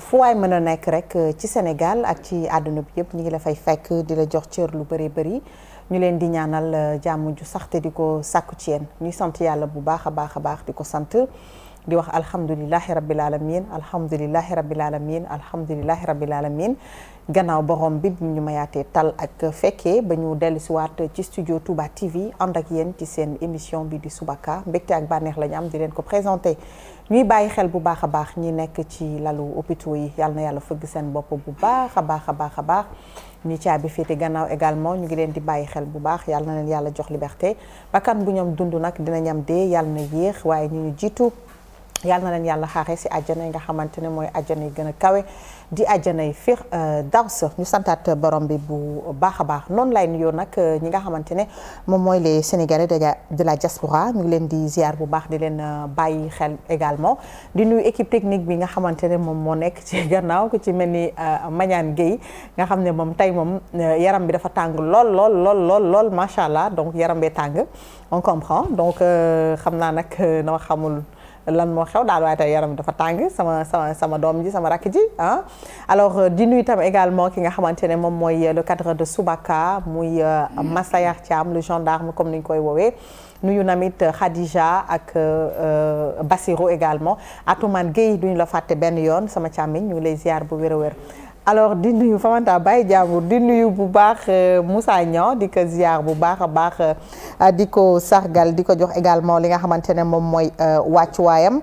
fu waay mën a nekk rek euh, ci Sénégal ak ci àdduna bi yëpp ñu ngi la fay fekk di la jox cër lu bëree bëri ñu leen di ñaanal euh, jàmm ju sax te di ko sàkku ci yéen ñuy sant yàlla bu baax a baax a baax di ko sant di wax alhamdulilahi rabil alamin alhamdulilahi rabil alamin alhamdulilahi rabil alamin gannaaw borom bi ñu mayaatee tal ak fekkee ba ñu dellu siwaat ci studio Touba TV ànd ak yéen ci seen émission bi di Subaka mbekk ak bànneex la ñu am di leen ko présenté ñuy bàyyi xel bu baax a baax ñi nekk ci lalu hôpitaux yi yal na yàlla fëgg seen bopp bu baax a baax a baax a baax ñi caabi féete gannaaw également ñu ngi leen di bàyyi xel bu baax yal na leen yàlla jox liberté bakkan bu ñoom dund nag dina ñam dee yàlla na yéex waaye ñu ñu jiitu yal na leen yàlla xaare si àjjana yi nga xamante ne mooy àjjana yi gën a kawe di àjjanay fiir euh, daws ñu santat borom bi bu baax baax non lay nuyoo nak euh, ñi nga xamantene mom moy les sénégalais de la diaspora ñu ngi leen di ziar bu baax di leen euh, bayyi xel également di nuyu équipe technique bi nga xamantene mom mo nek ci gannaaw ko ci melni ni Mañaan nga xam mom tay mom yaram bi dafa tang lool lool lool lool lool macha donc yaram bee tang on comprend donc xamna nak na waxamul lan mo xew daal way tay yaram dafa tang sama sama sama dom ji sama rak ji hein alors euh, di nuit, tam également ki nga xamantene mom moy mooy euh, le cadre de Soubaka muy euh, Massayar Thiam le gendarme comme ni koy wowe nuyu namit Khadija ak Bassiro également Atoumane Gueye duñ la fàtte ben yoon sama càmmiñ ñu lay ziar bu wéré wéré alors di nuyu Famanta Baye Jaambur di nuyu bu baax euh, Moussa Niang di ziar bu baax baax euh, sargal di jox également li nga xamantene mom moy mooy euh, wayam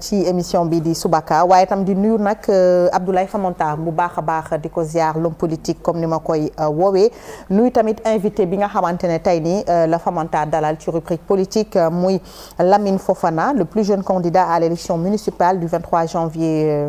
ci émission bi di Subaka Waye tam di nuyu nak Abdoulaye Famanta bu baax a baax di ko ziar l'homme politique comme nima koy wowe. nuyu tamit invité bi nga xamantene tay ni la Famanta dalal ci rubrique politique muy Lamine Fofana le plus jeune candidat à l'élection municipale du 23 janvier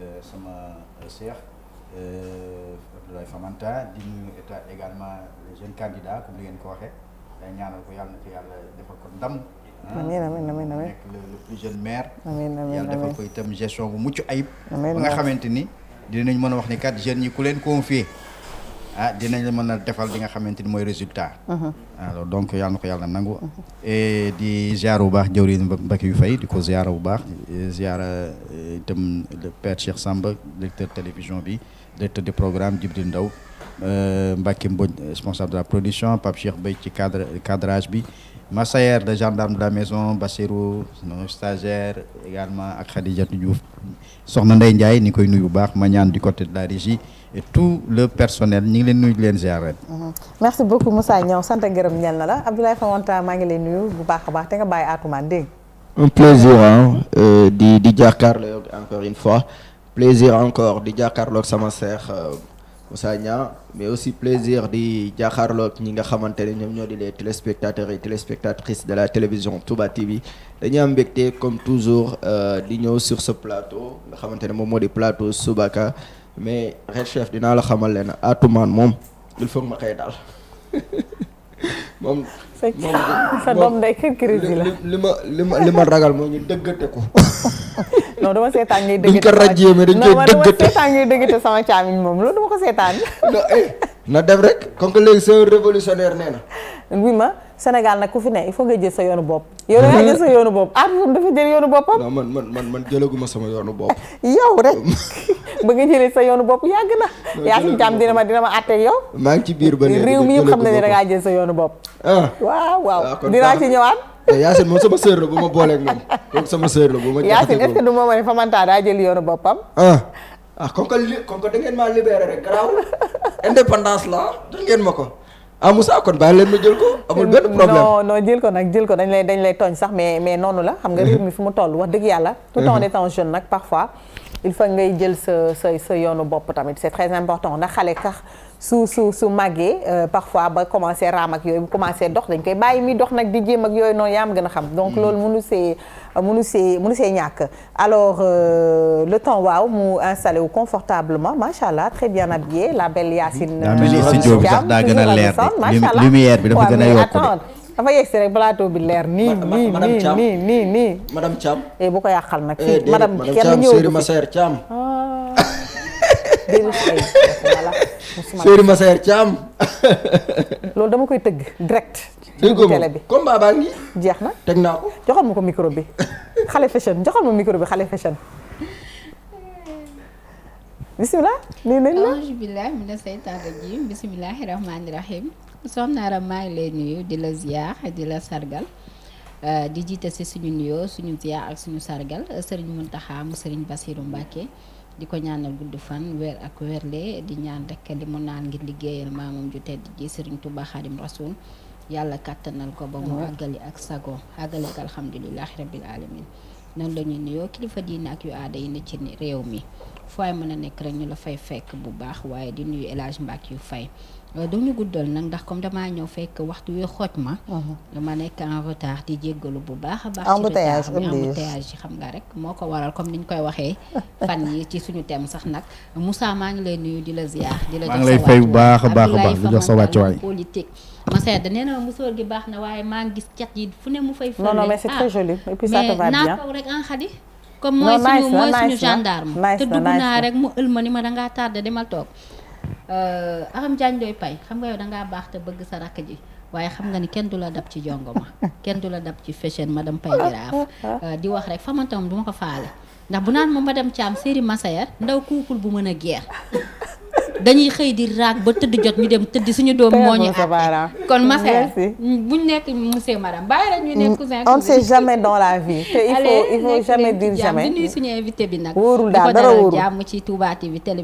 Euh, sama seex euh, euh, Abdoulaye Famanta di nuyu état également les jeunes candidats comme ni ngeen ko waxee day ñaanal ko yàlla na ko yàlla defal ko ndam. Ah. amiin amiin amiin amiin nekk le le plus jeune maire. amiin amiin amiin yàlla defal ko itam gestion bu mucc ayib. amiin ba nga xamante ni dinañ mën a wax ni kat jeunes yi ku leen confier ah dinañ la mën a defal li nga xamante ni mooy résultat. alors donc yàlla na ko yàlla nangu. et di ziar bu baax jëwriñ Mbacke yu fay di ko ziar bu baax ziar euh, itam le père Cheikh Samba directeur télévision bi directeur de programme Djibril Ndaw euh, Mbacke Mbodj responsable de la production Pape Cheikh Bey ci cadre cadrage bi. Massaer de gendarme de la maison Bassirou nos stagiaires également Akhadija Khadijatou Diouf soxna Ndeye Ndiaye ni koy nuyu bu baax ma ñaan du côté de la régie et tout le personnel ñu ngi leen nuyu leen mhm. merci beaucoup Moussa Niang sant ngërëm ñel na la Abdoulaye Famanta maa ngi lay nuyu bu baax baax te nga un plaisir hein euh, di di jàkkaarloo encore une fois plaisir encore di jàkkaarloo sama Euh, Moussa mais aussi plaisir de jàkkaarloog ñi nga xamante téléspectateurs et téléspectatrices de la télévision Touba TV Nous sommes comme toujours euh, di sur ce plateau Nous sommes ne le plateau Soubaka mais red chef de la xamal à tout moment il faut ma je sa doom day kër crédit la li ma li ma li ma ragal mooy ñu dëggate ko. non dama seetaan ngay dëggate ko dañ koy dëggate non man sama caamiñ moom loolu dama ko seetaan. non eh na def rek. kon que léegi c'est un nee na. oui ma. Sénégal nag ku fi ne il faut nga jël sa yoonu bopp. yow da sa yoonu bopp Arfan ah, dafa jël yoonu boppam. man man jëlaguma sama yoonu bopp. yow rek ba nga jëlee sa yoonu bopp yàgg na. yaa si dina ma dina ma àtteeg yow. maa ngi ci biir ba léegi réew mi yëpp xam na ne da jël sa yoonu bopp. ah waaw waaw ah, dinaa ci ñëwaat. Eh, Yacine moom sama sœur la bu ma booleeg moom donc sama sœur la bu ma. Yacine est-ce que du ma ma ne Famanta daa jël yoonu boppam. ah ah comme que maa libéré rek garaaw indépendance la da ngeen ma ko ah Moussa kon bàyyi leen ma jël ko amul ben problème non non jël ko nak jël ko dañ lay dañ lay togn sax mais mais noonu la xam nga réew mi fu mu toll wax deug yalla tout en mhm. étant jeune nak parfois il faut ngay jël ce ce ce yoonu bop tamit c'est très important ndax xalé sax sou sou sou magué euh, parfois ba commencer raam ak yooyu bu commencé dox dañ koy bàyyi mi dox nak di jéem ak yooyu noonu yaa am xam donc mhm. loolu munu see euh, alors euh, le temps waouh, installé confortablement machallah très bien habillé la belle Yacine. madame madame ah. direct. dégg télé bi combat baa ngi. jeex na fashion joxal ma micro bi fashion. bisimilah. nee nañ la auzu billahi mina seytaan rajim bisimilahi rahmaani rahim. soxna maa ngi lay nuyu di la ziar di la sargal. Euh, di jiite si euh, di ko ñaanal gudd fan weer ak weer di ñaan rek li mu naan ngir liggéeyal maamam ju tedd ji Serigne Touba Khadim Rasoul. yàlla kàttanal ko ba mu àggali ak sago àggali ak alhamdulilahi rabbil alamin nan lañu ñuy nuyoo kilifa diine ak yu aada yi ne ci réew mi fooy mën a nekk rek ñu la fay fekk bu baax waaye di nuyu El Hadj yu fay Euh, duñu guddal nag ndax comme damaa ñëw fekk waxtu wi xooj ma. Mhm. dama nekk en retard di jéggalu bu baax a baax. embouteillage embouteillage xam nga rek moo ko waral comme ni ñu koy waxee fan yi ci suñu thème sax nag Moussa maa ngi lay nuyu di la ziar. di la jox sa wàccuwaay bu baax a baax a baax di jox sa wàccuwaay politique. ma seet gi baax na waaye maa ngi gis cat yi fu ne mu fay. fële non non mais c'est très ah, joli et puis ça te va bien naa ko rek en comme mooy suñu gendarme te dugg naa rek mu ël ma ni ma dangaa tardé demal toog Euh, Aram Diagne Ndoye pay xam nga yow da baax te bëgg sa rakk ji waaye xam nga ni kenn du la dab ci jongoma kenn du la dab ci ma madame Paye Jaraaf ah, ah, ah. Euh, di wax rek tam du ma ko faale ndax bu naan ma ma madame Thiam série Massayer ndaw couple bu mën a geer dañuy xëy di raag ba tëdd jot ñu dem tëdd suñu doom moo ñu aar kon Massar buñ nekk monsieur madame bàyyi rek ñu nekk cousin mm, on ne sait jamais dans bi nag wóorul daal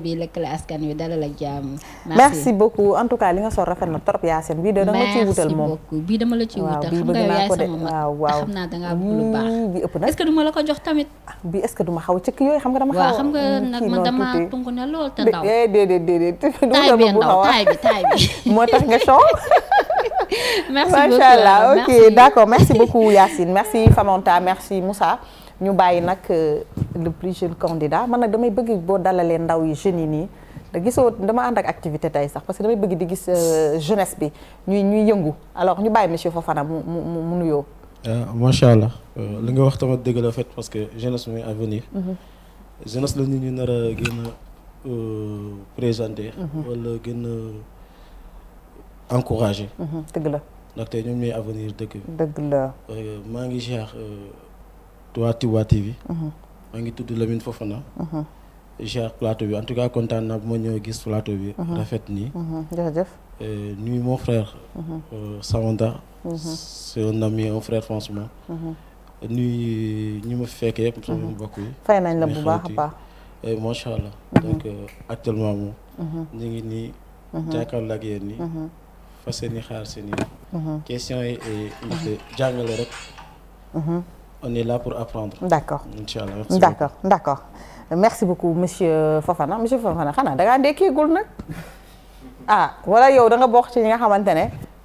bi lëkkale askan wi dalal ak jàmm merci beaucoup en tout cas li nga sol rafet na trop Yacine bii da dama ciy wutal moom bii dama la ciy wutal xam nga yaay sama mag waaw xam naa dangaa bëgg lu mm, baax bi ëpp la ko jox tamit ah, bi est duma xaw cëkk yooyu xam nga dama xaw waaw xam nga nag man dama tung na lool te ndaw eh, taay bi ndaw nga merci beaucoup ok d'accord merci beaucoup Yacine merci Famanta merci Moussa ñu bàyyi nak le plus jeune candidat man nag damay bëgg bo dalalé ndaw yi jeune ni. da gisoo dama and ak activité tay sax parce que damay bëgg di giss jeunesse bi ñuy ñuy yëngu alors ñu bàyyi monsieur Fofana mu mu mu nuyoo. macha li nga wax tamit dëgg la fait parce que jeunesse mooy avenir. Mhm. jeunesse la nit ñi nara. a présenter. Mhm. wala gën encourager. Mhm. dëgg la ndaxte ñoom ñooy avenir dëkk bi. dëgg la maa ngi ziar waa Touba TV. maa ngi tudd Lamine Fofana. ziar mhm. plateau bi en tout cas content na bu ñëw gis plateau bi. rafet ni jërëjëf. nuyu mon frère. Euh, Sawanda. c'est un ami un frère franchement. nuyu ñi ma fekkee. sama mbokk yi. fay nañ la bu baax a baax et donc actuellement question on est là pour apprendre. d'accord d'accord d'accord merci beaucoup monsieur Fofana monsieur Fofana tu da nga ndékkiigul ah wala yow da nga bok ci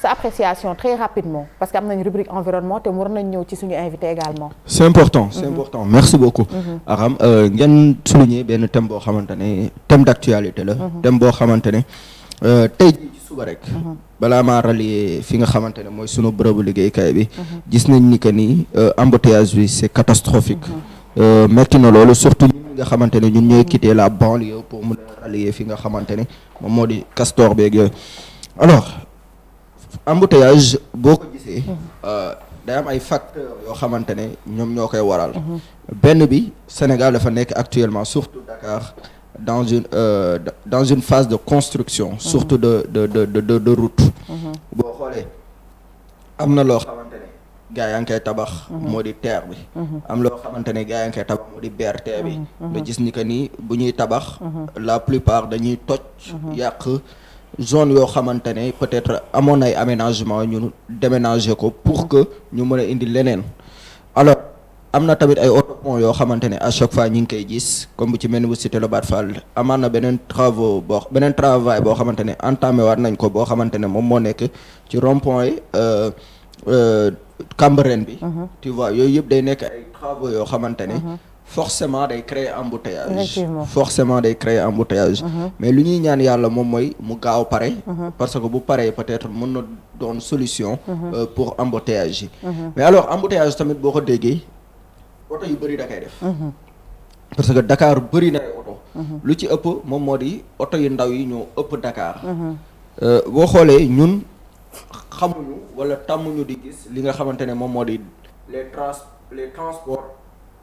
sa appréciation très rapidement parce que am rubrique environnement te war nañ ñëw ci suñu invité également. c'est important c'est mhm. important merci beaucoup. Mhm. Aram euh, ngeen souligner ben thème boo xamante ne thème d' actualité la. Mhm. thème boo xamante ne euh, tey jii ci suba rek. balaa maa rallier fi nga xamante ne mooy sunu bërëbu liggéeykaay bi. gis nañ ni que ni euh, embouteillage bi c'est est catastrophique. metti na loolu surtout ñun nga xamante ne ñun ñooy quitter la banlieue pour mun a rallier fi nga xamante ne moom moo di Castor beeg alors embouteillage boo ko gisee euh, day am ay facteurs yoo xamante ne ñoom ñoo koy waral benn bi Sénégal dafa nekk actuellement surtout Dakar dans une euh, dans une phase de construction surtout de de de de de, de route boo xoolee am na loo xamante ne gaa yaa ngi koy tabax moo di TER bi am loo xamante ne gaa yaa ngi koy tabax moo di BRT bi nga gis ni que ni bu ñuy tabax la plupart dañuy toj yàq zone yoo xamante ne peut-être amoon ay aménagement ñu déménager ko pour que ñu mën a indi leneen alors am na tamit ay autopont yoo xamante ne à chaque fois ñu ngi koy gis comme bu ci mel ni bu cité Lobatt amaan na beneen travaux boo beneen travail boo xamante ne entamé waat nañ ko boo xamante ne moom moo nekk ci rond-point yi euh, euh, bi mhm. tu vois yooyu yëpp day nekk ay travaux yoo xamante forcément day créer embouteillage forcément day créer embouteillage mhm. mais lu ñaan yalla mom moy mu gaaw paré mhm. parce que bu paré peut-être mën na doon solution mhm. euh, pour embouteillage mais alors embouteillage tamit un ko auto yu bari da kay def parce que Dakar bari na auto lu ci ëpp mom modi auto yu ndaw yi ñoo ëpp Dakar euh, bo xolé ñun xamuñu wala tàmmuñu di gis li nga xamantene mom modi les trans les transports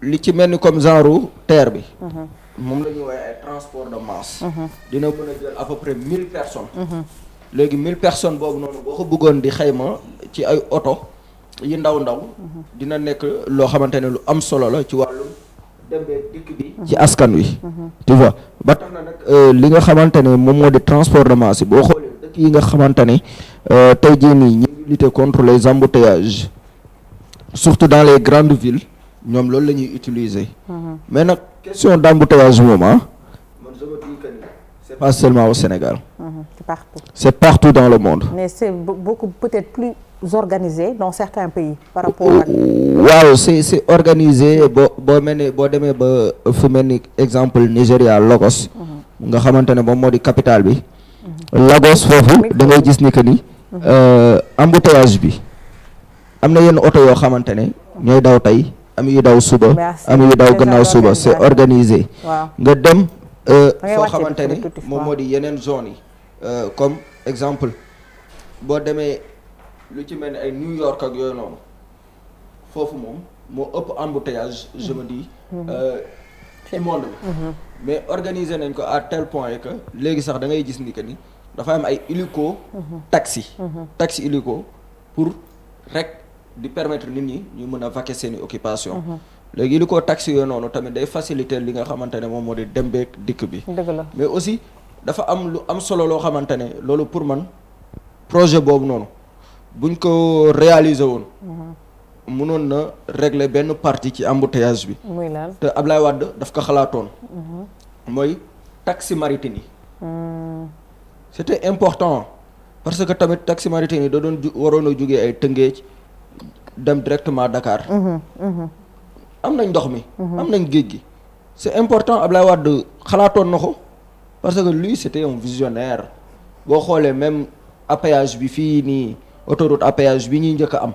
li ci melni comme genre terre bi. Mhm. moom la ñuy woowee ay transport de masse. Mhm. dina mën jël à peu près 1000 personnes. Mhm. légui 1000 personnes bobu noonu boo bëggone di xeyma ci ay auto yi ndaw ndaw. dina nek lo xamante lu am solo la ci walu dembe dik bi. ci askan wi. tu vois ba tax na nag euh, li nga xamante mom moom moo transport de masse bo xolé dëkk yi nga xamante euh tay jii nii ñu ngi lutter contre les embouteillages surtout dans les grandes villes ñom loolu la ñuy utiliser. Mm-hmm. mais nag question d'embouteillage moom ah. man je me dire que c'est pas seulement au Sénégal. Mm-hmm. c'est partout c'est partout dans le monde. mais c'est beaucoup peut-être plus organisé dans certains pays. par rapport à. waaw c'est c'est organisé bo boo mel ni boo demee ba fu mel ni exemple Nigeria, Lagos. Mm-hmm. nga xamante ne moom moo di capitale bi. Lagos foofu da ngay gis ni que ni. Euh, embouteillage bi am na yenn oto yoo xamante ne ñooy daw tey. am yu daw suba am yu daw gannaaw suba c'est organisé nga dem euh, foo xamante ni moom moo di yeneen zone yi euh, comme exemple boo demee lu ci mel ni ay New York ak yooyu noonu foofu moom moo ëpp embouteillage je me dis hmm. euh, ci mhm. mais organiser nañ ko à tel point que léegi sax da ngay gis ni que ni dafa am ay hélico mhm. taxi mhm. taxi hélico pour rek di permettre nit ñi ñu mën a vaquer seen i occupation mhm. léegi li ko taxi yooyu noonu tamit day faciliter li nga xamante ne moom moo di dem beek dikk bi dëgg mais aussi dafa am lu am solo loo xamante ne loolu pour man projet boobu noonu buñ ko réaliser woon mënoon mhm. na régler benn partie ci embouteillage bi te Ablaye Wade daf ko xalaatoon mhm. mooy taxi maritime yi mm. c'était important parce que tamit taxi maritime yi da doon waroon a jógee ay Tëngéej dem directement Dakar. Mhm, mhm. am nañ ndox mi. Mhm. am nañ C'est gi. important Ablaye Wade de na ko parce que lui c'était un visionnaire Bo xolé même appayage bi fi ni autoroute appayage bi ñuy njëkk a am.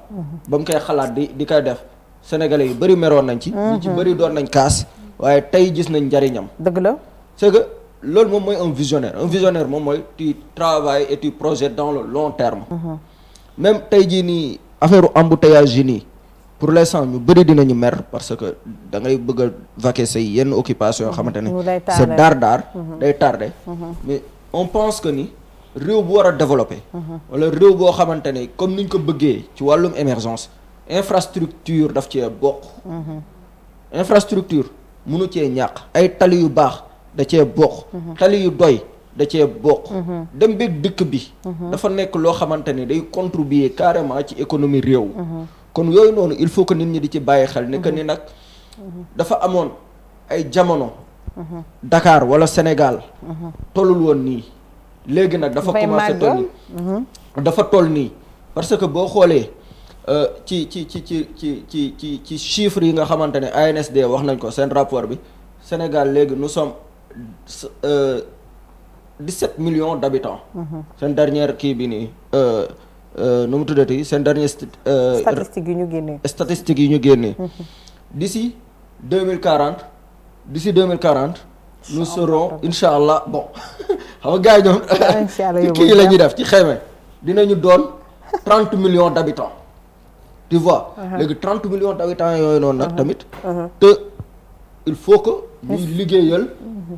bam kay koy di di def sénégalais yu bari meroon nañ ci. ñi ci bari doon nañ kaas. waye tay gis nañ jariñam deug la c'est que lool mom moy un visionnaire un visionnaire mom moy tu travailles et tu projettes dans le long terme. même tay ji nii. affaire embouteillage yi nii pour l'instant ñu bëri dinañu mer parce que da ngay bëgg vaquer say yenn occupation yoo xamante ne dar mhm. day tardé mhm. mais on pense que ni réew bu wara développer mhm. wala réew bo xamantene comme niñ ko bëggé ci walum émergence infrastructure daf ci bok infrastructure mënu ci ñaq ay tali yu bax da ci bok tali yu doy da cee bokk. Mhm. dem beeg dëkk bi. Mhm. dafa nekk loo xamante ni day contribuer carrément ci économie réew. Mhm. kon yooyu noonu il faut que nit ñi di ci bàyyi xel ne que ni nag dafa amoon ay jamono. dakaar wala Sénégal. tollul woon nii. léegi nag dafa commencé toll dafa toll nii parce que boo xoolee. Euh, ci ci ci ci ci ci ci ci chiffres yi nga xamante ne ANSD wax nañ ko seen rapport bi Sénégal léegi nous sommes. Euh, 17 millions d'habitants. C'est mhm. seen dernière qui bi nii. Euh, euh, nu mu tuddati seen dernier. Euh, statistiques yi ñu statistiques yi ñu mhm. D'ici 2040 d'ici 2040. nous serons inshallah bon xam nga gars yi 30 millions d'habitants. tu vois. Uh-huh. léegi 30 millions d'habitants, uh-huh. Uh-huh. il faut que nous liggéeyal. Mhm.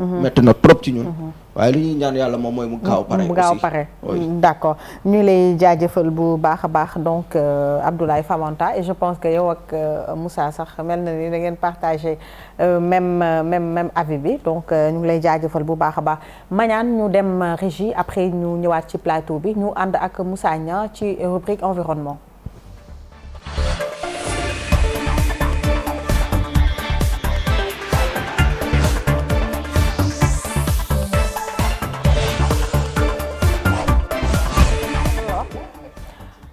Mhm. mettre notre trop ci ñun. Mhm. waaye li ñuy ñaan yalla moom moy mu gaaw paré mu gaaw pare mm, d' ñu lay jaajëfal bu baax a baax donc euh, Abdoulaye Famanta et je pense que yow ak euh, Moussa sax mel ni da ngeen partager euh, même même même avis bi donc ñu lay jaajëfal bu baax a baax mañaan ñu dem régie après ñu ñëwaat ci plateau bi ñu and ak Moussa Niang ci rubrique environnement.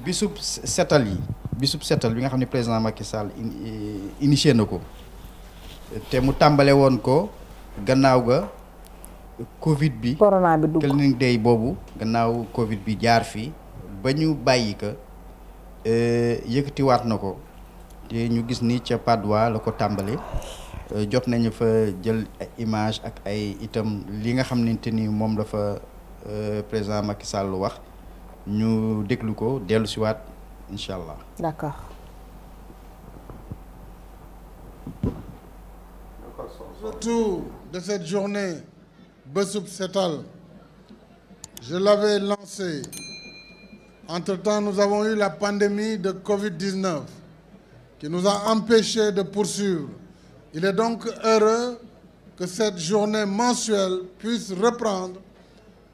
bisub setal yi bisub setal bi nga xam ne président Macky Sall eh, initié na ko te mu tàmbale woon ko gannaaw ga Covid bi. corona bi dugg clinique day boobu gannaaw Covid bi jaar fii ba ñu bàyyi ko eh, yëkkatiwaat na ko te ñu gis ni ca Padois la ko tàmbale eh, jot nañu fa jël image ak ay itam li nga xam xamante ni moom la fa président Macky lu wax. nous déclouons, dès le Inch'Allah de cette journée Bessoub Setal je l'avais lancé entre-temps nous avons eu la pandémie de Covid-19 qui nous a empêchés de poursuivre il est donc heureux que cette journée mensuelle puisse reprendre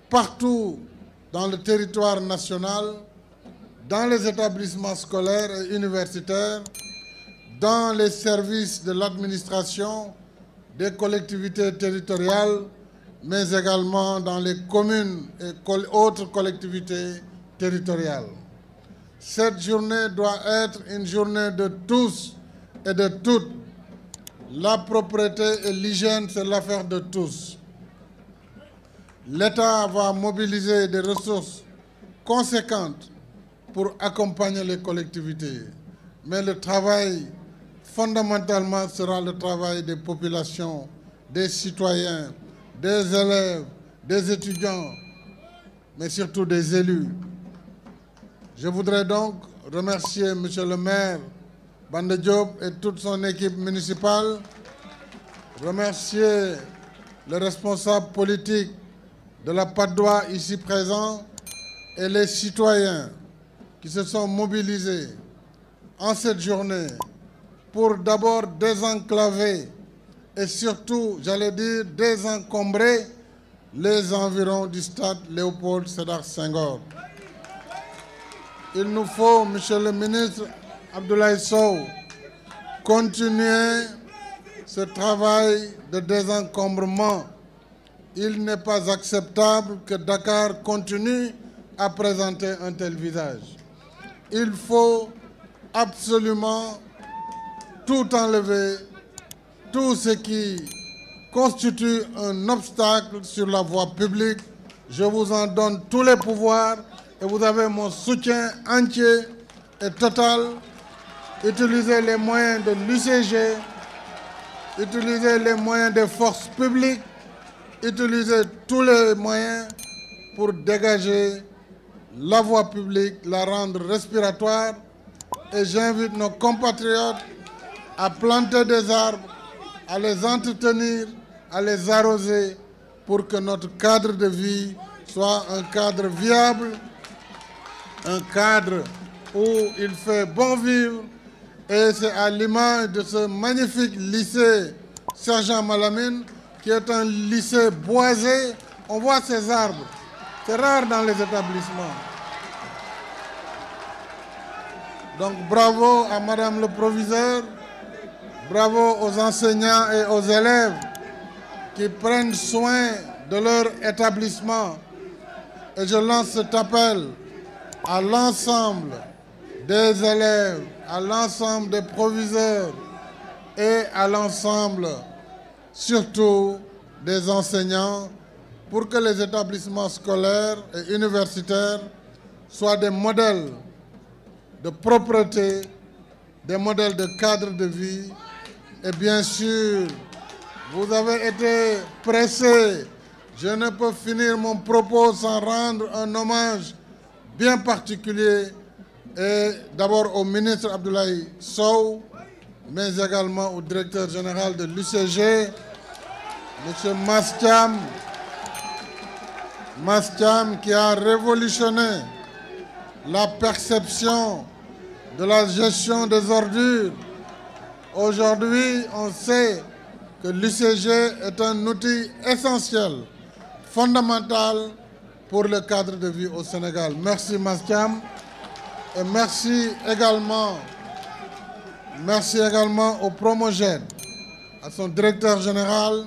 partout dans le territoire national, dans les établissements scolaires et universitaires, dans les services de l'administration, des collectivités territoriales, mais également dans les communes et autres collectivités territoriales. Cette journée doit être une journée de tous et de toutes. La propreté et l'hygiène, c'est l'affaire de tous l'État va mobiliser des ressources conséquentes pour accompagner les collectivités. Mais le travail, fondamentalement, sera le travail des populations, des citoyens, des élèves, des étudiants, mais surtout des élus. Je voudrais donc remercier M. le maire Bande Diop et toute son équipe municipale, remercier le responsable politique de la Padoie ici présents et les citoyens qui se sont mobilisés en cette journée pour d'abord désenclaver et surtout, j'allais dire, désencombrer les environs du stade Léopold Sédar Senghor. Il nous faut, Monsieur le ministre Abdoulaye Sow, continuer ce travail de désencombrement il n'est pas acceptable que Dakar continue à présenter un tel visage. Il faut absolument tout enlever, tout ce qui constitue un obstacle sur la voie publique. Je vous en donne tous les pouvoirs et vous avez mon soutien entier et total. Utilisez les moyens de l'UCG, utilisez les moyens des forces publiques utiliser tous les moyens pour dégager la voie publique, la rendre respiratoire. Et j'invite nos compatriotes à planter des arbres, à les entretenir, à les arroser pour que notre cadre de vie soit un cadre viable, un cadre où il fait bon vivre. Et c'est à l'image de ce magnifique lycée Sergent Malamine qui est un lycée boisé. On voit ces arbres. C'est rare dans les établissements. Donc bravo à Madame le Proviseur, bravo aux enseignants et aux élèves qui prennent soin de leur établissement. Et je lance cet appel à l'ensemble des élèves, à l'ensemble des proviseurs et à l'ensemble surtout des enseignants, pour que les établissements scolaires et universitaires soient des modèles de propreté, des modèles de cadre de vie. Et bien sûr, vous avez été pressé, Je ne peux finir mon propos sans rendre un hommage bien particulier et d'abord au ministre Abdoulaye Sow, mais également au directeur général de l'UCG, Monsieur Mastiam, Mastiam qui a révolutionné la perception de la gestion des ordures. Aujourd'hui, on sait que l'UCG est un outil essentiel, fondamental pour le cadre de vie au Sénégal. Merci Mastiam et merci également, merci également au Promogène, à son directeur général,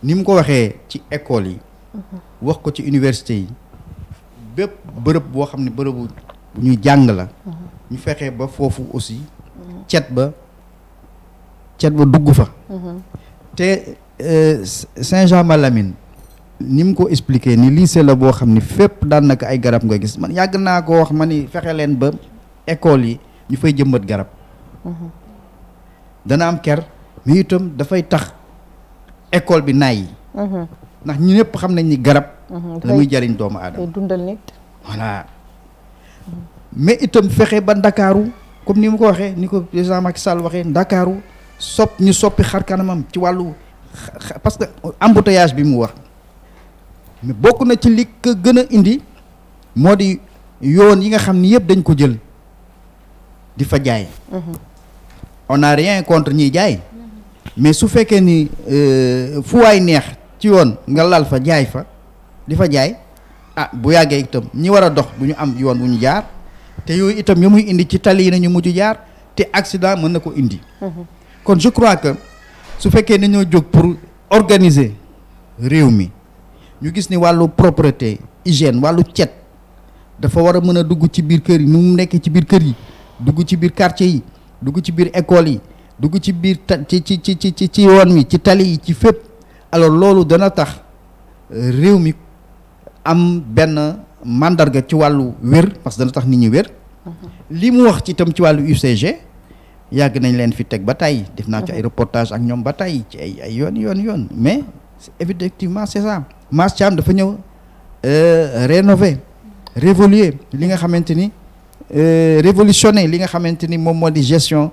ni mu ko waxee ci école yi. wax ko ci université yi bépp bërëb boo xam ne bërëbu ñuy jàng la. ñu fexe ba foofu aussi. cet ba cet ba dugg fa. te euh, Saint-Jean-Malamine ni mu ko expliquer ni lycée la boo xam ni fépp daanaka ay garab ngay gis man yàgg naa ko wax ma ni fexe leen ba école yi ñu fay jëmbat garab. dana am ker mais itam dafay tax. école bi naay. Mhm. ndax ñu ñëpp xam nañ ni garab. Mhm, la muy jariñ doomu aadama dundal nit. voilà mais itam fexe ba ndakaaru comme ni mu ko waxee ni ko président Macky Sall waxee ndakaaru sopp ñu soppi xar kanamam ci wàllu parce que embouteillage bi mu wax mais bokk na ci li ko gën a indi moo di yoon yi nga xam ni yëpp dañ ko jël di fa jaay. Mhm. on n'a rien contre ñiy jaay. mais su fekkee ni euh, fu waay neex ci yoon nga laal fa jaay fa di fa jaay ah bu yàggee itam ñi war a dox bu ñu am yoon wu ñu jaar te yooyu itam ya muy indi ci tali yi nañu mujj jaar te accident mën na ko indi. Mhm. kon je crois que su fekkee nañoo jóg pour organiser réew mi ñu gis ni wàllu propreté hygiène wàllu cet dafa war a mën a dugg ci biir kër yi nu mu nekkee ci biir kër yi dugg ci biir quartier yi dugg ci biir école yi. dugg ci biir ta ci ci ci ci ci yoon mi ci tali yi ci fépp alors loolu dana tax euh, réew mi am benn mandarga ci wàllu wér parce que dana tax nit ñi wér mhm. li mu wax ci itam ci wàllu UCG yàgg nañ leen fi teg ba tàyyi def naa ci ay mhm. reportage ak ñoom ba tàyyi ci ay ay yoon yoon yoon mais effectivement c'est ça Mass Thiam dafa ñëw euh, rénover révoluer li nga xamante ni euh, révolutionner li nga xamante ni moom moo di gestion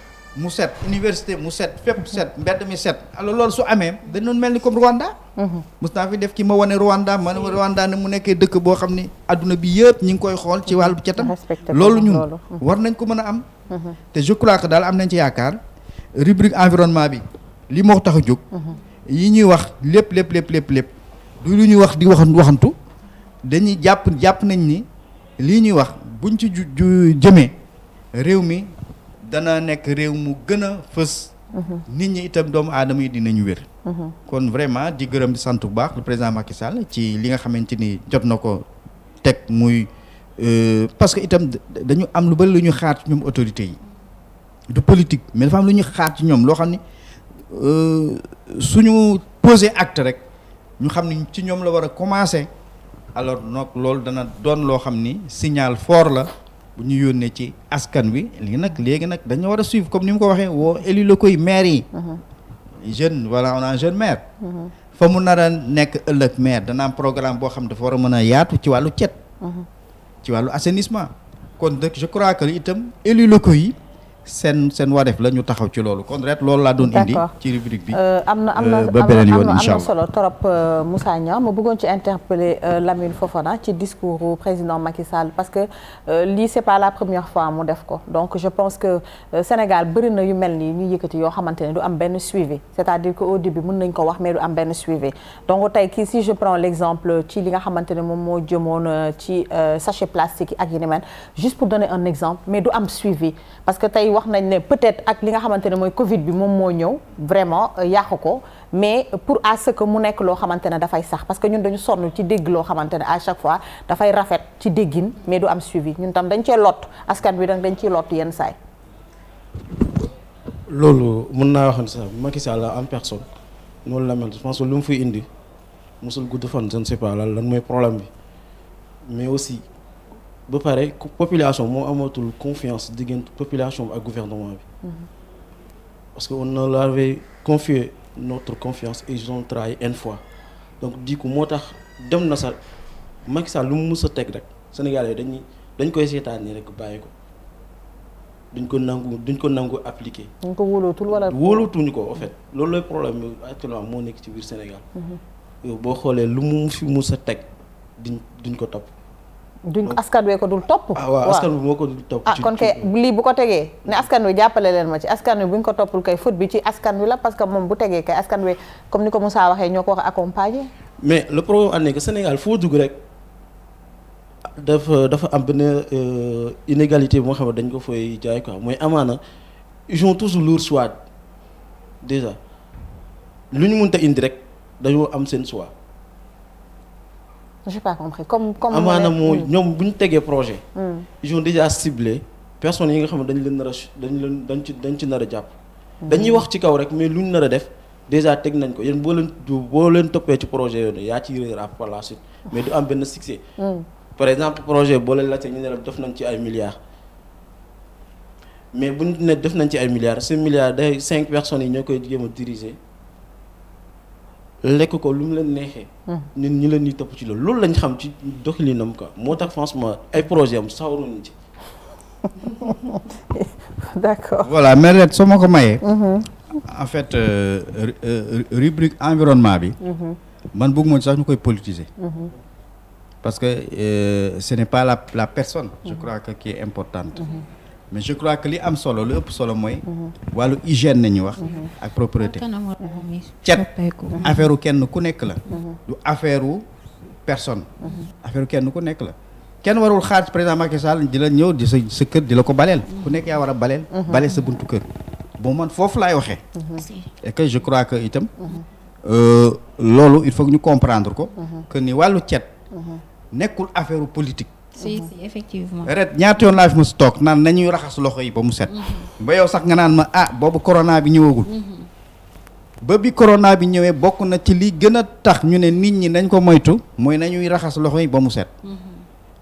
mu set université mu set fépp set mbedd mi set alors loolu su amee dañ doon mel ni comme Rwanda. Mhm. mos naa fi def ki ma wane Rwanda man Rwanda ne mu nekkee dëkk boo xam ni àdduna bi yëpp ñi ngi koy xool ci wàllu cetam loolu ñun mhm. war nañ ko mën a am. Mhm. te je crois que daal am nañ ci yaakaar rubrique environnement bi li moo tax a jóg. yi ñuy wax lépp lépp lépp lépp lépp du lu ñuy wax di wax waxantu dañuy jàpp jàpp nañ ni lii ñuy wax buñ ci ju jëmee réew mi. dana nekk réew mu gën a fës. Mhm. nit ñi itam doomu aadama yi dinañu wér. Mhm. kon vraiment di gërëm di sant bu baax le président Macky ci li nga xamante ni jot na ko teg muy euh, parce que itam dañu am lu bari lu ñuy xaar ci ñoom autorités yi du politique mais dafa lu ñu xaar ci ñoom loo xam ni euh, suñu posé acte rek ñu xam ni ci ñoom la war a commencer alors donc loolu dana doon loo xam ni signal fort la. bu ñu yónnee ci askan bi léegi nag léegi nag dañu war a suivre comme ni mu ko waxee woo élus locaux yi maire yi. Mhm. jeune voilà on a jeune maire. Mhm. fa mu nara nekk ëllëg maire danaam am programme boo xam dafa war a mën a yaatu ci wàllu cet. Mhm. ci wàllu assainissement kon nag je crois que itam élus yi. sen seen wareef la ñu taxaw ci lolu kon ret loolu laa doon indi ci rubrique bi euh amna amna na euh, ba beneen yoon incha allah solo torop euh, Moussa Niang ma bëggoon ci interpeller euh, Lamine Fofana ci discours président Macky Sall parce que li c'est pas la première fois mu def ko donc je pense que Sénégal bari na yu melni ñu yëkëti yo xamantene du am ben suivi c'est-à-dire que au début mën nañ ko wax mais du am ben suivi donc tay ki si je prends l'exemple ci li nga xamantene mom mo moo jëmoon ci sachet plastique ak yi juste pour donner un exemple mais du am suivi parce que tay wax nañ ne peut-être ak li nga xamante moy Covid bi mom mo ñëw vraiment euh, yaako ko mais pour à ce que mu nek lo xamante da fay sax parce que ñun dañu sonn ci dégg lo xamante à chaque fois fay rafet ci déggine mais du am suivi ñun tam dañ ci lotte askan bi dañ ci lott yeen say lolu mën na wax ne sax Macky Sall en personne non la mel je pense que lu mu fiy indi musul gudd fan je ne sais pas lan moy problème bi mais aussi ba pare population mo amatul confiance digent population ak gouvernement bi. Mhm. parce que on leur avait confié notre confiance et ils ont trahi une fois donc du coup moo dem na sa Macky Sall lu mu mës a rek Sénégalais dañuy dañ koy sétane rek bayiko duñ ko nangu duñ ko nangu appliquer. duñ ko wóolootul wala. wóolootuñu ko en fait lolou lay problème actuellement mo nek ci biir Sénégal. Mhm. yo bo xolé lu mu fi mës a teg duñ duñ ko top duñ askan wee ko dul topp. ah waaw askan wi moo ko dul topp. ah kon ke li bu ko tegee ne askan wi jàppale leen ma ci askan wi buñ ko toppul kay foot bi ci askan wi la parce que moom bu tegee kay askan wi comme ni ko Moussa waxee ñoo ko wax accompagner. mais le problème am na que Sénégal foo dugg rek dafa dafa am benn euh, inégalité boo xam dañ ko fay jaay quoi mooy amaana ils ont toujours leur choix déjà lu ñu mënta indi rek dañoo am seen soit. Je j'ai pas compris comme comme. amaana moo mm. ñoom bu ñu tegee projet. Mm. ils ont déjà ciblé Personne yi nga xam ne dañ leen nar a dañ leen dañ ci dañ ci nar a jàpp. dañuy wax ci kaw rek mais luñ nar a def déjà teg nañ ko yéen bo leen bo leen topé ci projet yooyu ya ci réer par la suite mais du am ben succès. Mm. par exemple projet boo leen laajte ñu ne def nañ ci ay milliards. mais buñ ñu def nañ ci ay milliards ces milliards day 5 personnes yi ñoo koy diriger lekk ko lu mu leen neexee. Hmm. ñun ñi leen di topp ci loolu loolu lañ xam ci doxalinam quoi moo tax franchement ay projet am sawaruñu ci. d'accord voilà mais ret soo ma ko mayee. Mm-hmm. en fait euh, euh, rubrique environnement bi. Mm-hmm. man bëgguma sax ñu koy politiser. Mm-hmm. parce que euh, ce n'est pas la la personne. je crois que qui est importante mais je crois que li am solo le ëpp solo moy walu hygiène wax. Mhm. ak propreté. Mhm. affaire kenn ku nekk la. Mhm. personne. affaire kenn ku nekk la. kenn warul xaar président Macky Sall di la di sa kër ko balel ku nekk ya wara balel balé sa buntu man et que je crois que itam. Euh, il faut ñu comprendre que ni walu politique. si mhm. si effectivement. ñaata yoon laa fi mos toog naan nañuy raxas loxo yi ba mu set. Mhm. ba yow sax nga naan ma ah boobu corona bi ñëwagul. Mhm. ba bi corona bi ñëwee bokk na ci li gën a tax ñu ne nit ñi nañ ko moytu mooy nañuy raxas loxo yi ba mu set.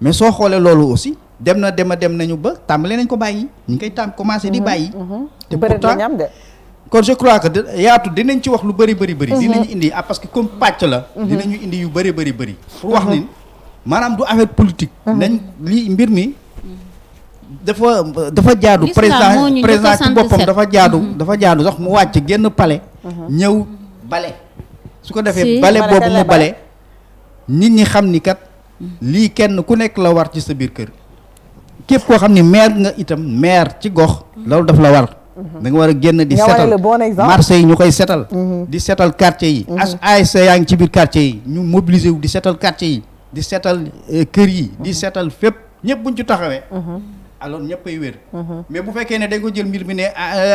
mais soo xoolee loolu aussi dem na dem a dem nañu ba tàmbale nañ ko bàyyi ñu ngi koy tàmm commencé di bàyyi. te pourtant kon je crois que yaatu dinañ ci wax lu bëri bëri bëri. dinañu indi ah parce que comme pàcc la. dinañu indi yu bëri bëri bëri. pour wax ni. maanaam du affaire politique. Mhm. nañ li mbir mi. dafa dafa jaadu. président président ci boppam dafa jaadu. Mhm. dafa jaadu sax mu wàcc génn pale mhm. ñëw bale. su ko defee bale boobu mu bale. nit ñi xam ni kat. lii kenn ku nekk la war ci sa biir kër. képp koo xam ni mair nga itam maire ci gox. loolu daf la war. da war a génn di setal marché yi ñu koy setal. di setal quartier yi. as ASC yaa ngi ci biir quartier yi ñu mobiliser wu di setal quartier yi. di seetal euh, kër yi di mhm. seetal fépp ñëpp buñ ci taxawee mhm. alors ñëpp ay wér mhm. mais bu fekkee ne dañ ko jël mbir mi ne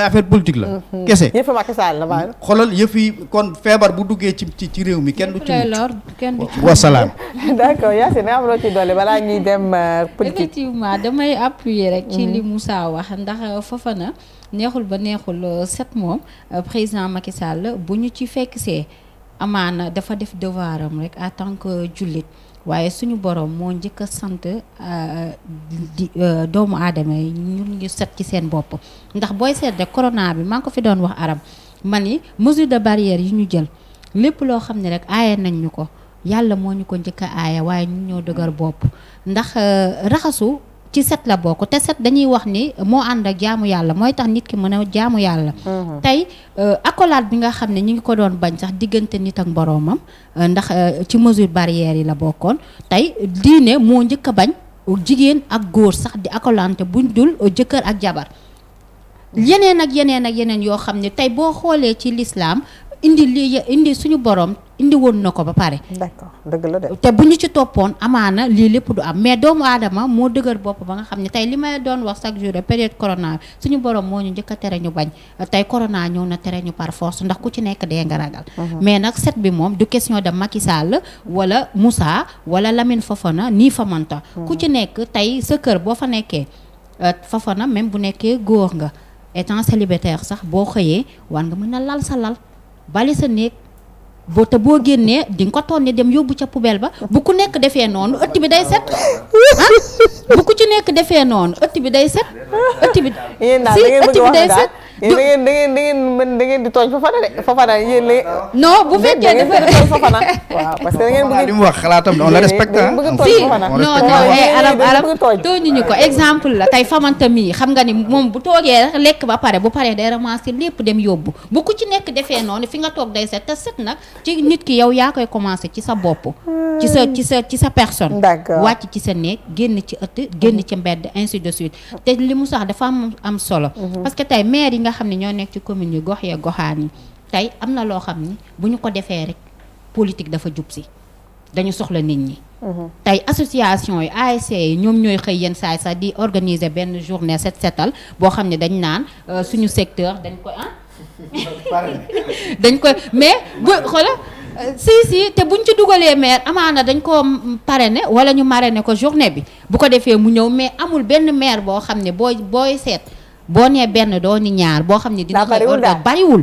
affaire politique la kese yëf Macky la waaye xoolal yëf yi kon feebar bu duggee ci ci réew mi kenn du ci mucc wasalaam d'accord Yacine am loo balaa ñuy dem euh, politique effectivement damay appuyer rek ci li Moussa wax ndax euh, Fofana neexul ba neexul set moom président Macky Sall bu ñu ci fekk see amaana dafa def devoiram rek en tant que jullit waaye suñu boroom moo njëkk a sant euh, di euh, doomu aadama yi ñun ñu set ci seen bopp ndax booy seet rek corona bi maa ngi ko fi doon wax aram ma ni mesure de barrière yu ñu jël lépp loo xam ne rek aaye nañ ñu ko yàlla moo ñu ko njëkk a aaya waaye ñu ñoo dëgër bopp ndax euh, raxasu ci set la bokk te set dañuy wax ni moo ànd ak jaamu yàlla mooy tax nit ki mën a jaamu yàlla. Mm-hmm. tey euh, accolade bi nga xam ne ñu ngi ko doon bañ sax diggante nit ak boroomam euh, ndax euh, ci mesure barrière yi la bokkoon tey diine moo njëkk a bañ jigéen ak góor sax di accolante buñ dul jëkkër ak jabar. Mm-hmm. yeneen ak yeneen ak yeneen yoo xam ne tey boo xoolee ci lislaam indi li indi suñu borom indi woon na ko ba pare. d'accord dëgg la de. te bu ñu ci toppoon amaana lii lépp du am mais doomu aadama moo dëgër bopp ba nga xam ne tey li may doon wax chaque jour de période corona suñu borom moo ñu njëkk a tere ñu bañ tey corona ñëw na tere ñu par force ndax ku ci nekk dee nga ragal. Mhm. mais nag set bi moom du question de Macky Sall wala Moussa lamin Lamine na nii Famanta. ku mhm. ci nekk tey sa kër boo fa nekkee euh, na même bu nekkee góor nga étant célibataire sax boo xëyee bale sa néeg boo te boo génnee dinga ko toon ne dem yóbbu ca poubelle ba bu ku nekk defee noonu ëtt bi day set ah bu ci nekk defee noonu ëtt bi day set ëtt bi si ëtt bi day set da ngeen da tooñ Fofana de Fofana yéen la non bu fekkee dafa tooñ Fofana waaw parce que da ngeen bëgg li mu wax xalaatam on la respecte si non non eh arab arab ko exemple la tey famanta mii xam nga ni moom bu toogee lekk ba pare bu paree day ramasser lépp dem yóbbu bu ku ci nekk defee noonu fi nga toog day set te set nag ci nit ki yow ya koy commencer ci sa bop ci sa ci sa ci sa personne wacc ci sa nek génn ci ëtt génn ci mbedd ainsi de suite te limu sax dafa am am solo mhm. parce que tay maire yi nga xamni ño nek ci commune yi gox yee goxani tay amna lo xamni buñu ko defee rek politique dafa jup ci dañu soxla nit ñi mhm. tay association yi ASC ñom ñoy xey yeen yenn saay sax di organiser ben journée set setal bo xamni dañ naan euh, suñu secteur dañ ko ah dañ ko mais bu xoola si si te buñ ci dugalee maire amaana dañ koo pare ne wala ñu ne ko journée bi bu ko defee mu ñëw mais amul benn maire boo xam ne booy booy seet boo nee benn doo ni ñaar boo xam ne dina koy orga bariwul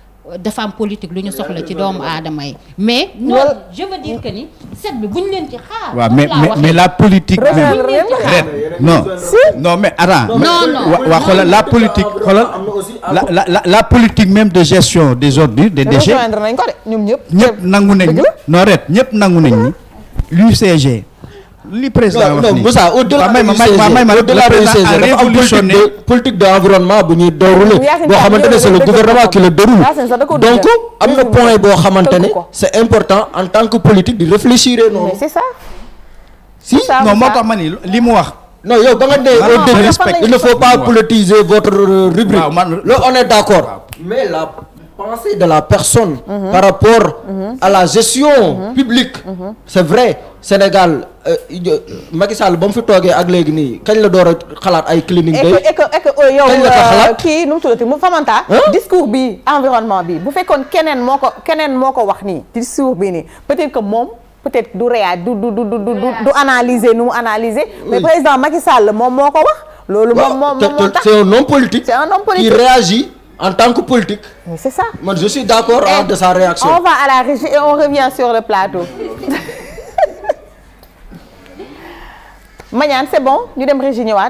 dafa am politique lu ñu soxla ci doomu adamay mais non je veux dire que ni set bi buñ leen ci xaar wa mais mais la politique même ren non non mais attends non waa xoolal la politique xoolal la la la politique même de gestion des ordures des déchets ñëpp nangu nañ ñi non ret ñep nangu nañ ñi l'UCG li président non, non, Moussa au delà may ma au-delà dafa la politique politique de environnement bu ñuy déroulé boo xamante c'est le gouvernement qui le déroule donc am na point bo xamantene c'est important en tant que politique de réfléchir Non, mais c'est ça. si non moo tax li mu wax. non yow ba nga dé, au respect il ne faut pas politiser votre euh, rubrique. Là, on est d'accord. mais la pensée de la personne. Mhm. par rapport mhm. à la gestion mhm. publique. c'est vrai Sénégal. Euh, Macky Sall bam fi toogee ak légui ni kagn la doora a ay clinique day et que et que oh, yow euh, kii num mu tuddati mu Famanta hein? discours bi environnement bi bu fekkone kenen moko kenen moko wax ni discours bi ni peut-être que mom peut-être du réa du du du du du analyser nu analyser mais président Macky Sall mom moko wax lolou mom mom c'est un homme politique c'est un homme politique il réagit en tant que politique c'est ça Moi, je suis d'accord hein, de sa réaction on va à la régie et on revient sur le plateau Mañaan c'est bon nous dem régénérer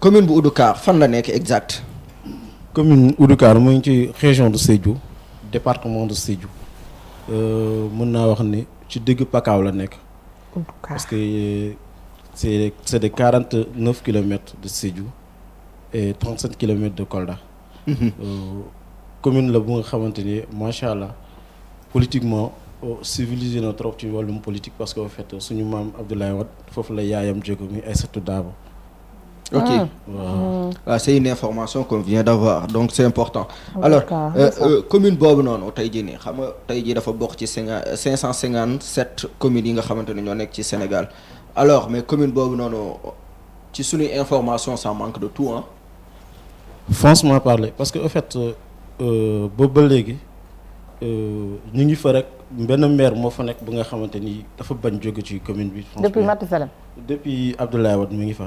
commune de Oudoukar fan la nek exact commune Oudoukar mu ci région de le département de Sédhiou euh, mën naa wax ni ci deug Pakaw la parce que euh, c'est c'est de 49 km de Seydou et 37 km de Kolda mhm. euh, commune la bu nga xamanteni machallah politiquement civilisé na trop ci politique parce que en fait suñu mam Abdoulaye Wade fofu la yayam jóge muy tout Dabo Ok. Ah. ah, c'est une information qu'on vient d'avoir donc c'est important. alors euh, euh, commune boobu noonu tey jii nii xam nga tey jii dafa ci communes yi nga xamante ne nekk ci Sénégal alors mais commune non, Tu ci suñuy information ça manque de tout hein. franchement parler parce que en fait euh, boobu ba léegi ñu ngi fa rek benn maire moo fa nekk bu nga xamante ni dafa bañ jóge ci commune depuis Macky depuis Abdoulaye Wade mi ngi fa.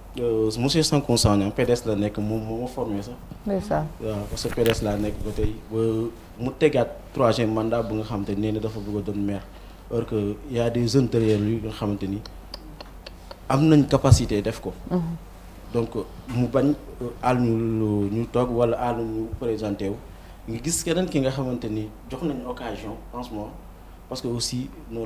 monsieur Sanko Sagnan PDS la nekk moom moo ma formé ça ndeysaan ça parce que PDS laa nek côté tey ba mu tegaat troisième mandat bu nga xamante ne dafa bëgg doon maire alors que y a des jeunes derrière lui nga xamante ni am nañ capacité def ko. Mhm. donc mu bañ aal euh, ñu ñu toog wala aal ñu présenté wu. nga gis kenen ki nga xamante ni jox nañ occasion franchement parce que aussi non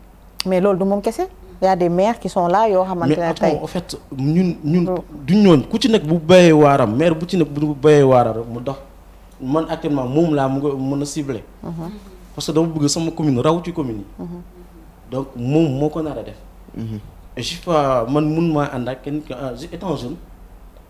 mais il du y a des mères qui sont là yo qui en fait nous nous nous, nous, nous, nous nous, nous, nous, nous, nous, nous, nous, nous, nous, nous, nous, nous, nous, nous, nous, nous, parce que nous nous commune commune mhm. donc nous, nous, ko a def mhm. je sais pas ah, étant jeune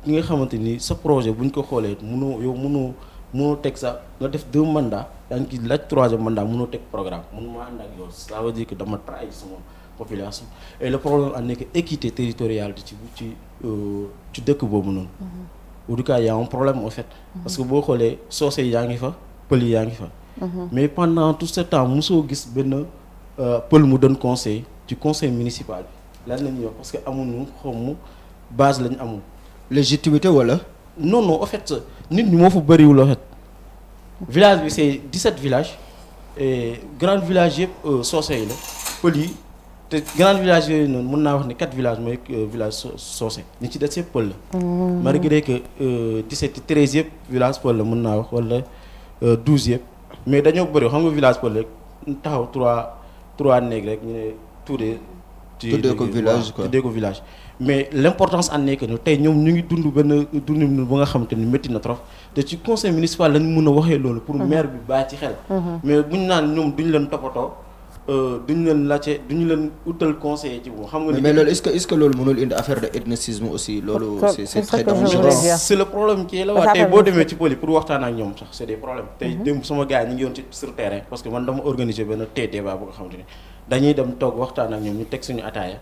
nous nous, nous, projet buñ ko nous, mënoo teg sa nga def deux mandats yaa ngi ciy laaj troisième mandat mënoo teg programme mënuma ànd ak yow ça veut dire que dama trahir sama population et le problème am nekk équité territoriale ci ci euh, ci dëkk boobu noonu. Mm-hmm. en tout cas y' a un problème en fait. Mm-hmm. parce que boo xoolee soose yaa ngi fa pël yaa ngi fa. Mm-hmm. mais pendant tout ce temps mosoo gis benn euh, pël mu doon conseil ci conseil municipal bi lan la ñuy parce que amuñu xaw ma base la ñu amul. légitimité wala non non en fait nit ñi moo fa bëriwul en village c'est 17 villages et grand village c'est soose Poli. la grand village nous avons mën villages, wax le quatre villages euh, village Sosé, ñi ci des yëpp hmm. malgré que 17 euh, 13 villages, village pël la mën wax wala 12 euh, e mais dañoo bëri xam nga village pël rek taxaw 3 3 nègres, rek ñu tuddee ko village quoi tuddee ko village mais l'importance importance en est que ne tey ñoom ñu ngi dund ben dund ba nga xam tane metti na trop te ci conseil municipal lañ mëna waxé lolu pour mhm. maire bi ba ci xel mhm. mais buñ naan ñom duñ leen euh duñ leen laajte duñ leen outal conseil ci bu xam nga. mais lolu est ce que est ce que lolu mënul indi affaire de ethnicisme aussi lolu c'est c'est très dangereux c'est le problème qui est là tay bo démé ci poli pour waxtaan ak ñom sax c'est des problèmes. tay dem mhm. sama gars ñi ngi yon ci sur terrain parce que man dama organiser ben té débat bu nga xam tane dañuy dem toog waxtaan ak ñoom ñu teg suñu ataaya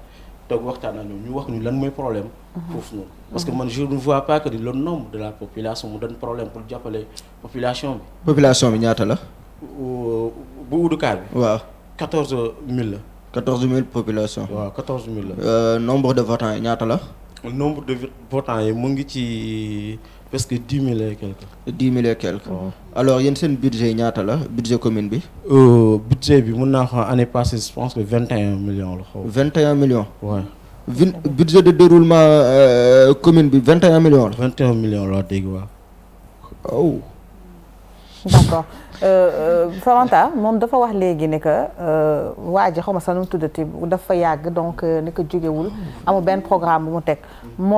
toog waxtaan ak ñoom ñu wax ñu lan mooy problème. Mhm. foofu noonu mhm. parce que man je ne vois pas que le nombre de la population mu doon problème pour jàppale population bi. population bi ñaata la. bu Oudoukar bi. waaw quatorze mille la. quatorze mille population. waaw quatorze mille la. Euh, nombre de votants yi ñaata la. nombre de votants yi mu ngi ci parce que 10 millions et quelques. 10 et alors il budget budget commune euh, budget année passée je pense que 21 millions 21 millions. Oui. budget de déroulement euh, commune 21 millions 21 millions oh. d'accord euh, que donc que programme mu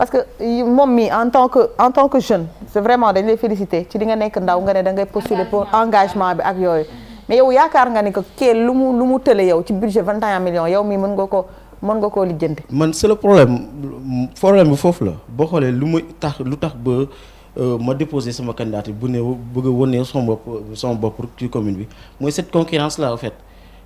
parce que mon mi en tant que en tant que jeune c'est vraiment dañ félicités. féliciter ci li nga nekk ndaw nga ne da ngay postuler pour engagement bi ak mais yow yakar nga ni que lu mu lu mu télé yow ci budget 21 millions yow mi mën nga ko mën nga ko lijjanti man c'est le problème problème bi foofu la bo xolé lu muy tax lu tax ba euh, ma déposé sama candidature bu ne bëgg a son sama son bon bopp ci commune bi cette concurrence là en fait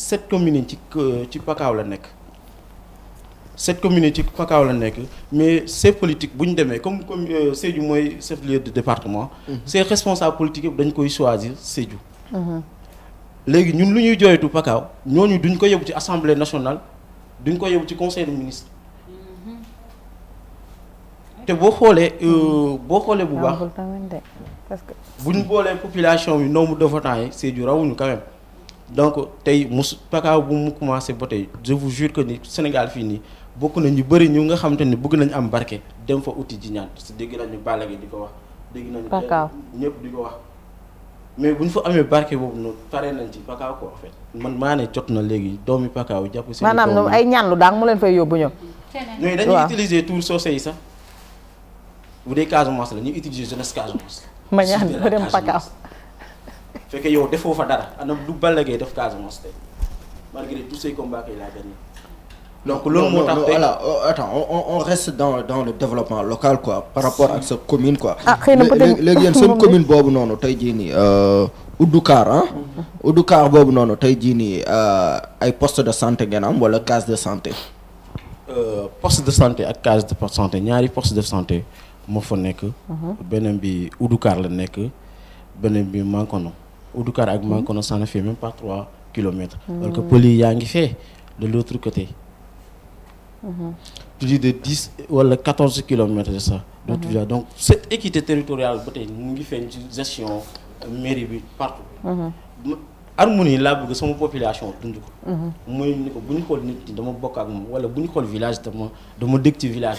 Cette communes ci euh, ci pakaaw la nek. Cette communes ci pakaaw la nek. mais ces politiques buñ démé comme comme euh, Sédhiou mooy chef lieu de département mhm. ces responsables politiques dañ koy choisir Sédiou mhm. légui ñun luñuy ñuy pakaw ñoñu duñ ko yóbbu ci assemblée nationale duñ ko yóbbu ci conseil des ministres mhm. te bo xolé euh, bo xolé bu baax buñ boolee population yi nombre de votants yi Sédhiou rawuñu quand même donc tey mus pakaaw bu mu commencé ba tey je vous que ni Sénégal fii nii bokk na ñu bëri ñu nga xam te ne bëgg nañu am barke dem fa uti ji ñaan parce que dégg nañu Balla Gaye di ko wax. dégg nañu ñëpp di ko wax. mais bu ñu fa amee barke boobu noonu pare nañ ci pakaaw ko en fait man maa ne jot na léegi doomi pakaaw jàpp seen. maanaam ñoom ay ñaan lu daang mu leen fay yóbbu ñoom. mais dañuy utiliser tour soosey yi sax bu dee Casamance la ñuy utiliser jeunesse Casamance. ma ñaan fait que yo defoo fa dara anam du Balla def Casamance tey malgré tous ces combats qu'il a gagné donc loolu mot tax voilà euh, attends on on reste dans dans le développement local quoi par rapport à sa commune quoi. ah xëy na peut-être léegi yéen seen commune boobu noonu tey jii nii. Oudoukar ah. Oudoukar boobu noonu tey jii euh, ay poste de santé ngeen wala case de santé. Euh, poste de santé et case de santé ñaari poste de santé moo fa nekk. Mhm. beneen bi Oudoukar la nekk. Bene bi maa ngi ak hmm. fait même pas trois kilomètres. Hmm. alors que ngi de l'autre côté. plus hmm. de dix wala quatorze kilomètres de ça. donc cette équité territoriale ba tey mu ngi gestion euh, mairie partout. harmonie laa bëgg population ni village village.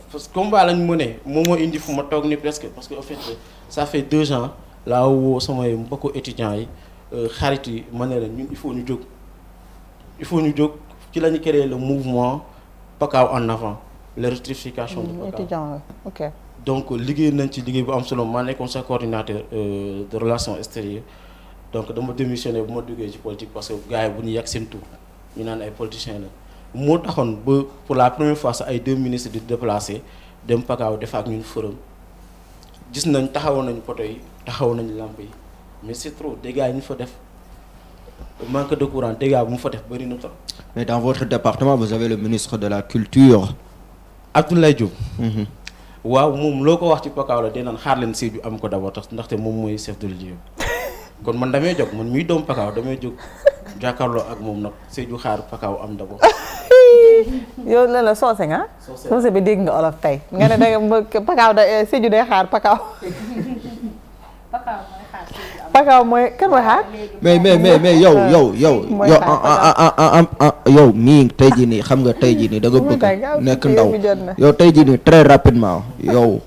parce que combat lañ mënee moom indi fu ma ni presque parce que en fait ça fait deux ans là où samay beaucoup étudiants charité euh, monnaie la ñun il faut ñu jóg il faut ñu jóg ci la ñu créer le mouvement pas en avant la rectification de mmh, Pakao ok donc ligue nañ ci liggéey bu am solo mané nekkoon coordinateur euh, de relations extérieures donc dama démissionné bu ma duggee ci politique parce que gars yi bu ñu yak seen tur ñu nane ay politiciens moo taxoon pour la première fois sax ay deux ministres di déplacé dem Pakaaw def ak ñun forum gis nañ taxaw nañ poto yi taxaw nañ làmp yi mais c'est trop dégâts yi ñu fa def manque de courant dégâts bu mu fa def bëri na trop. mais dans votre département vous avez le ministre de la culture. Abdoulaye Diop. Mhm. waaw moom loo ko wax ci Pakaaw la dee naan xaar leen Sédhiou am ko d'abord tax ndaxte moom mooy chef de lieu kon man damay jóg man muy doom Pakaaw damay jóg. jàkkarloo ak moom nag Sédhiou xaar pakaaw am d'abord. yow la soose nga. soose bi dégg nga olof tey nga ne danga pakaaw mais mais mais yow yow yow. yow ah, ah, ah, yow tey jii nii xam nga tey jii nii da nga nekk ndaw yow tey jii nii très rapidement yow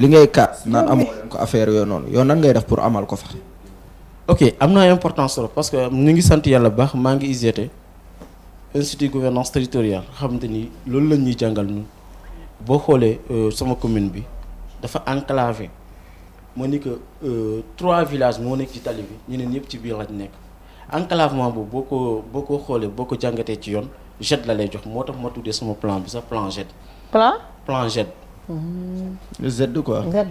li ngay ka naan am ko affaire yooyu noonu yow nan ngay def pour amal ko fa. ok am na importance parce que nous ngi sant yàlla baax maa ngi gouvernance territoriale xamante ni loolu la ñuy jàngal ñun boo euh, sama commune bi dafa enclavé moo que euh, trois villages moo nekk ci tali bi ñeneen ñëpp ci biir lañ nekk enclavement boobu boo ko boo ko xoolee ci jet la lay jox moo ma tuddee sama plan bi sa plan jet. plan plan jet. Hmm. Z quoi. Z.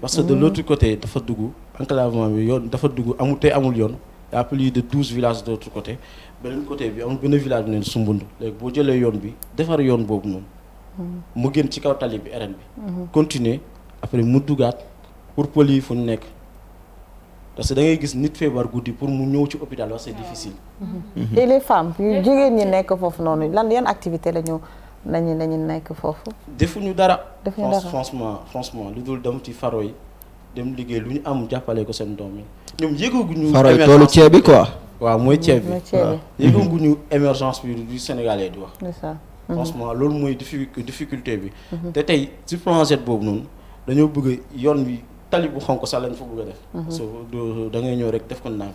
parce que de l'autre côté dafa dugg enclavement bi yoon dafa dugg amul tey amul yoon y a plus de 12 villages d' autre côté beneen côté bi amul benn village bi neen sumbund léegi boo jëlee yoon bi defar yoon boobu noonu hmm. mu génn ci kaw tali bi RN bi hmm. continuer après mu dugaat pour poli fu ñu nekk parce que da ngay gis nit feebar guddi pour mu ñëw ci hôpital wax c'est hmm. difficile et les femmes yu jigéen ñi nekk foofu noonu lan yan activité la ñu nañu nañu nekk foofu defuñu dara franchement franchement lu dul dem ci faro yi dem liggéey luñu am jappalé ko sen doomi ñom ñoom yëgaguñu. faral toolu ceeb bi quoi. wa moy ceeb bi waaw yëgaguñu émergence bi du Sénégalais di wax. Mhm. franchement lool moy difficulté bi. té mhm. tay ci projet bobu noonu dañu bëgg yoon wi tali bu xonko sax lañ fa bëgg def. Mhm. so da ngay ñëw rek def ko ndank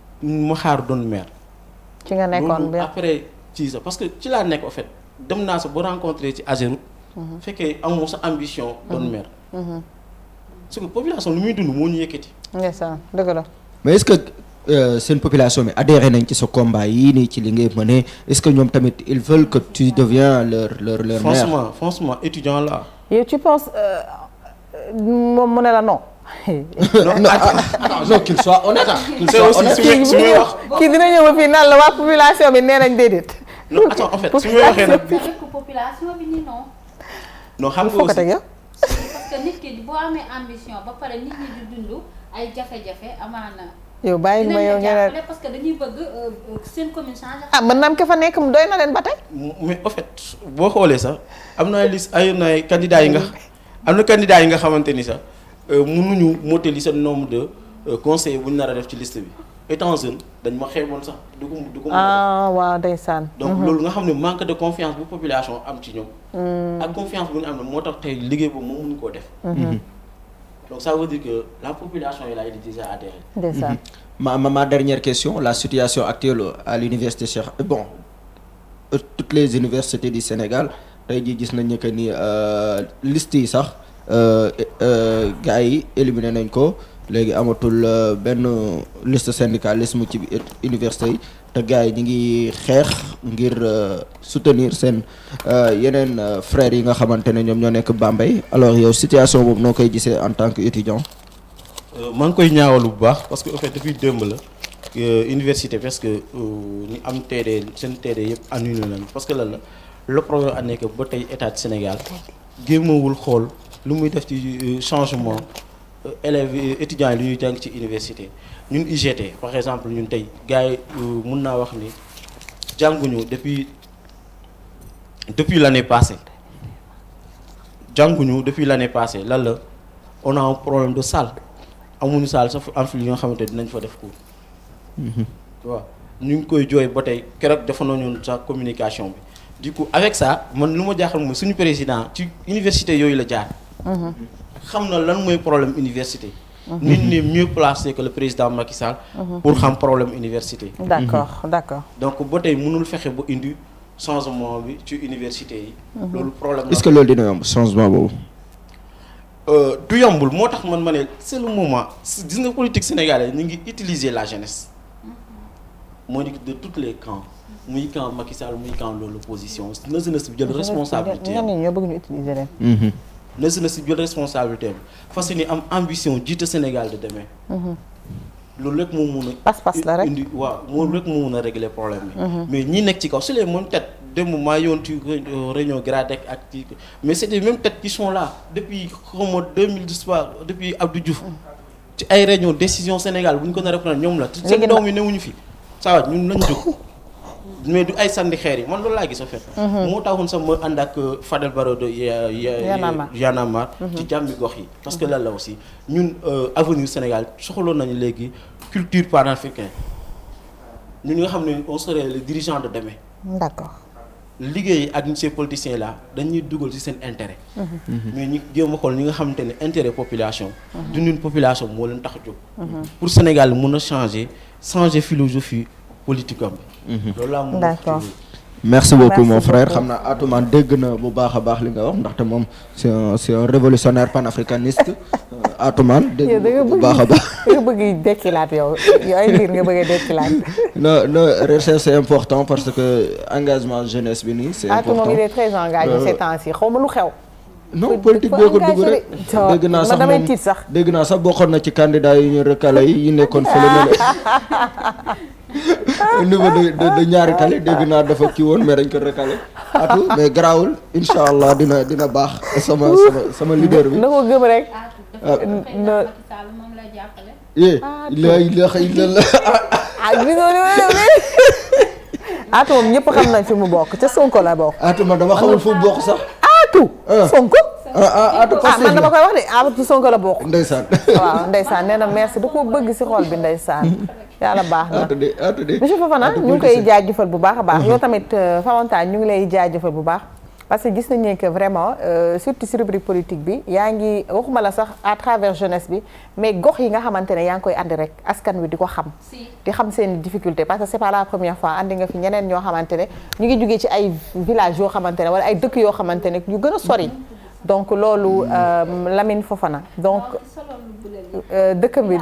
ma xaar doon maire. ci nga nekkoon après ci parce que tu l'as nekk en fait dem naa sa ba rencontré ci Ageroute. Mhm. fekkee amoo sa ambition. doon maire. Mhm. Mhm. parce que population lu muy dund moo ñu yëkkati. ndeysaan dëgg la. mais est-ce que euh, une population mais adhéré nañ ci sa combat yii nii ci li mëne est-ce que ñoom tamit ils veulent que tu deviens leur leur leur maire. franchement franchement étudiant là. Et tu penses euh, euh, moom mon ne non. non non ah, ah. attends non qu'il soit honnête kii dina ñëw ba fii naan la waa population bi nee nañ déedéet. non attends en fait su ma waxee nag population bi que nit boo amee ambition ba pare ay jafe-jafe amaana. bàyyi ma yow ñeneen parce que dañuy bëgg euh, seen commune changé. ah mën fa nekk mu doy na leen ba tey. mais en fait boo xoolee sax am naa ay ay ay candidats yi nga am na candidats yi nga xamante ni sax. Euh, nous mottali le nombre de euh, conseillers qui ont été sur la liste bi étant jeune dañ ma xeeboon sax du Ah, ah donc nous mhm. nga un manque de confiance la population am ci mm. confiance bu nous am le moo tax tey liggéey boobu moom mhm. Mhm. donc ça veut dire que la population elle est déjà adhéré ndeysaan ma ma dernière question la situation actuelle à l'université euh, bon toutes les universités du Sénégal tey jii gis nañ que liste yi Euh, euh, gars yi éliminé nañ ko léegi amatul euh, benn liste syndicalisme ci université te gars yi ñu ngi xeex ngir soutenir seen yeneen frères yi nga xamante ne ñoom ñoo nekk Bambey alors yow situation boobu noo koy gisee en tant que étudiant. maa ngi koy ñaawal bu baax parce que en fait depuis démb la université parce que ñu am TD seen TD yëpp annulé nañ parce que lan la le problème a nekk ba tey état Sénégal gémmawul xool. lu muy def ci euh, changement euh, élèves euh, étudiants yi lu ci université ñun UGT par exemple ñun tey gars yi mun wax ni depuis depuis l'année passée jànguñu depuis l'année passée là là on a un problème de salle amuñu salle sax am fi li nga xamante dinañ fa def cours waaw mhm. ñu ngi koy jooy ba tey keroog defoon nañu sa communication bi du coup avec ça man lu ma jaaxal mooy suñu président ci université yooyu la jaar xam na lan mooy problème université. nit n'est mieux placé que le président Macky Sall. pour xam problème université. d'accord d'accord. donc ba tey mënul fexe ba indi changement bi ci université yi. loolu problème est-ce que loolu dina yomb changement boobu. Euh, du yombul moo tax man ma ne c'est le moment gis nga politique sénégalaise ñu ngi utiliser la jeunesse. moo di de tous les camps. muy camp Macky Sall muy camp de l'opposition na jeunesse bi jël responsabilité. bëgg ñu utiliser leen. Mhm. Nous si na si jël responsabilité am am ambition jiite Sénégal de demain. Mhm. loolu rek moo mun pas-pas la rek indi waaw loolu rek moo mun régler problème mhm. mais ñi nekk ci kaw c'est les mêmes têtes de maa yoon réunion gradé ak mais c'est les mêmes têtes qui sont là depuis xaw 2010 depuis Abdou Diouf. ci ay réunion décision Sénégal bu ñu ko nar a reprendre ñoom la. léegi nag seen fi. ça va ñun lañ jóg. mais du ay sànni xeer yi man loolu laa gis en fait. Mhm. moo taxoon sax ak euh, Fadel Barodo Y'en a ci mhm. jambi gox yi parce que mhm. là la aussi ñun euh, avenir Sénégal soxaloon nañu léegi culture panafricaine ñun ñi nga xam on serait les dirigeants de demain. d'accord. liggéey ak ces politiciens là dañuy dugal ci sen intérêt. mais ñi jëm a ñi nga xamante ne intérêt population. dundin population mo leen tax jox pour Sénégal mun a changer changer philosophie politique Mhm. loolu d'accord merci beaucoup mon frère Xamna naa Atoumane dégg na bu baax a baax li nga wax ndax te mom c'est un révolutionnaire panafricaniste euh, Atoumane dégg bu baax a baax nga bëgg dekkilaat yow yow ay nga bëgg a non non recherche c'est important parce que engagement jeunesse bi nii c'est important Atoumane il est très engagé euh, ces temps-ci xaw lu xew non politique boo ko dugg rek dégg naa sax moom dégg naa sax bokkoon na ci candidat yi ñu recalé yi nekkoon fële au niveau de ñaari tali dégg naa dafa kii woon mais dañ ko recalé atu mais garaawul incha allah dina dina baax sama sama sama leader bi. ñëpp xam nañ fi mu bokk ca Sonko la bokk. Atou man dama xamul fu bokk sax. Atou. Ah. Sonko. Ah, ah, ah man dama koy wax de Atou Sonko la bokk. ndeysaan waaw ndeysaan nee na merci da koo bëgg si xol bi ndeysaan. yàlla Fofana parce que nous nañu que vraiment euh, sur le rubrique politique bi politique, waxuma la à travers jeunesse mais gox yi nga andi rek askan wi difficulté parce que c'est pas la première fois andi nga fi ñoo ñu ngi ci ay villages wala ay dëkk Donc, donc loolu euh, Lamine donc euh, dëkk communes.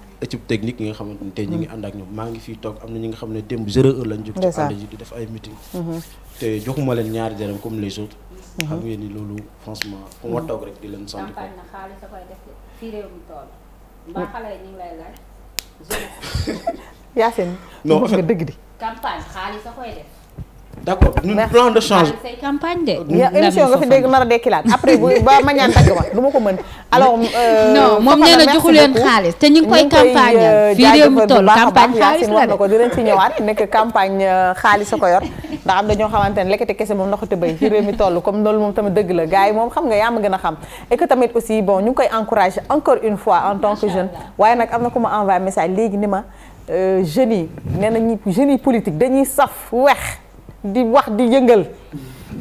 équipe technique yi nga xamante ni ñu ngi mm. ànd ak ñoom maa ngi fii toog am na ñi nga xam ne démb zéro heure lañ jóg ci ànd ji def ay meeting mm-hmm. te joxuma leen ñaari dërëm comme les autres mm-hmm. xam ngeen ni loolu franchement ku ma mm-hmm. toog rek di leen sant ko mm. Yacine non dëgg di campagne xaalis a koy def d' accord ñun plan de change. say émission nga fi dégg nar a dekkilaat après bu ba ma ñaan dagg ma du ko mën. alors euh, non moom nee na xaalis te ñu ngi koy campagne euh, ko dinañ ci ñëwaat nekk campagne euh, xaalis a ko yor ndax na ñoo xamante ne lekkete kese moom ndoxate béy fii réew mi loolu moom tamit dëgg la gars moom xam nga yaa ma gën a xam et que tamit aussi bon ñu ngi koy encouragé encore une fois en tant que jeune waaye nag am na ku ma envoyé message léegi ni ma jeunes yi nee nañu jeunes yi politique dañuy saf weex di wax di yëngal.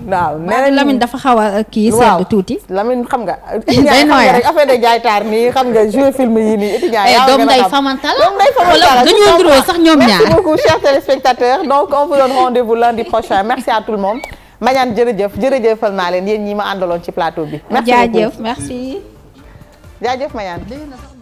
waaw nee Lamine dafa xawa ki euh, kii touti Lamine xam nga. day nooya rek affaire de jaay taar nii xam nga jouer film yi nii. iti jaay eh, yaa doom day famantal doom day famantal dañoo niroo sax ñom ñaar merci beaucoup chers téléspectateurs donc on vous donne rendez-vous lundi prochain merci à tout le monde. Mañaan jërëjëf jërëjëfal na leen yéen ñi ma andalon ci plateau bi. merci beaucoup jaajëf merci. jaajëf Mañaan.